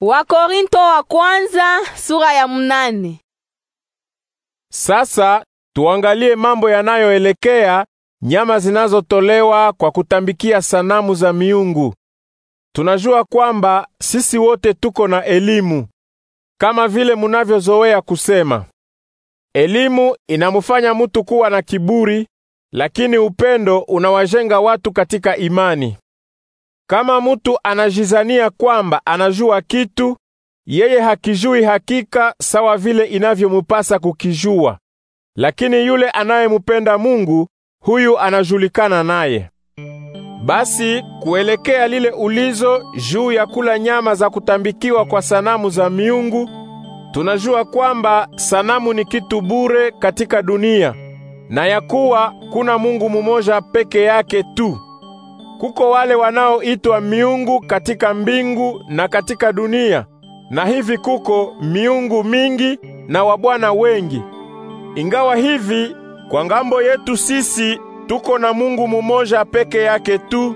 Wakorinto wa kwanza, sura ya mnane. Sasa tuangalie mambo yanayoelekea nyama zinazotolewa kwa kutambikia sanamu za miungu. Tunajua kwamba sisi wote tuko na elimu kama vile munavyozoea kusema. Elimu inamufanya mutu kuwa na kiburi, lakini upendo unawajenga watu katika imani. Kama mutu anajizania kwamba anajua kitu, yeye hakijui hakika sawa vile inavyomupasa kukijua. Lakini yule anayemupenda Mungu, huyu anajulikana naye. Basi kuelekea lile ulizo juu ya kula nyama za kutambikiwa kwa sanamu za miungu, tunajua kwamba sanamu ni kitu bure katika dunia na ya kuwa kuna Mungu mumoja peke yake tu. Kuko wale wanaoitwa miungu katika mbingu na katika dunia, na hivi kuko miungu mingi na wabwana wengi. Ingawa hivi kwa ngambo yetu sisi tuko na Mungu mumoja peke yake tu,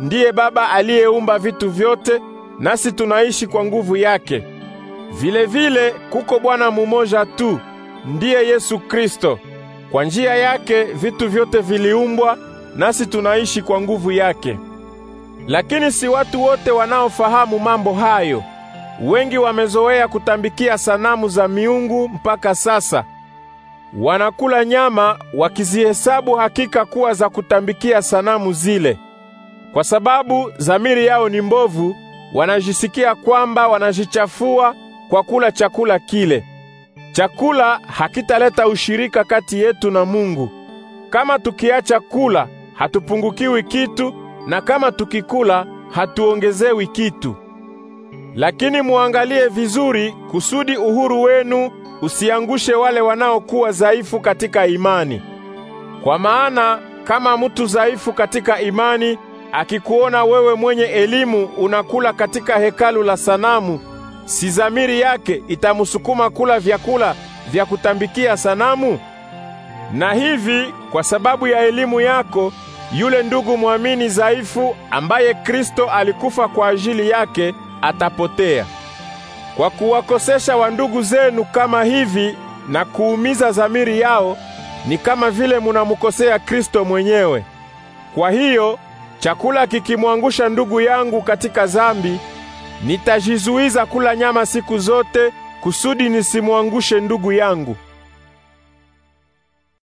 ndiye Baba aliyeumba vitu vyote, nasi tunaishi kwa nguvu yake. Vile vile kuko Bwana mumoja tu, ndiye Yesu Kristo. Kwa njia yake vitu vyote viliumbwa nasi tunaishi kwa nguvu yake. Lakini si watu wote wanaofahamu mambo hayo. Wengi wamezoea kutambikia sanamu za miungu mpaka sasa. Wanakula nyama wakizihesabu hakika kuwa za kutambikia sanamu zile. Kwa sababu dhamiri yao ni mbovu, wanajisikia kwamba wanajichafua kwa kula chakula kile. Chakula hakitaleta ushirika kati yetu na Mungu. Kama tukiacha kula hatupungukiwi kitu, na kama tukikula hatuongezewi kitu. Lakini muangalie vizuri kusudi uhuru wenu usiangushe wale wanaokuwa dhaifu katika imani. Kwa maana kama mtu dhaifu katika imani akikuona wewe mwenye elimu unakula katika hekalu la sanamu, si dhamiri yake itamsukuma kula vyakula vya kutambikia sanamu? Na hivi kwa sababu ya elimu yako yule ndugu mwamini dhaifu ambaye Kristo alikufa kwa ajili yake atapotea. Kwa kuwakosesha wandugu zenu kama hivi na kuumiza dhamiri yao, ni kama vile munamukosea Kristo mwenyewe. Kwa hiyo chakula kikimwangusha ndugu yangu katika dhambi, nitajizuiza kula nyama siku zote kusudi nisimwangushe ndugu yangu.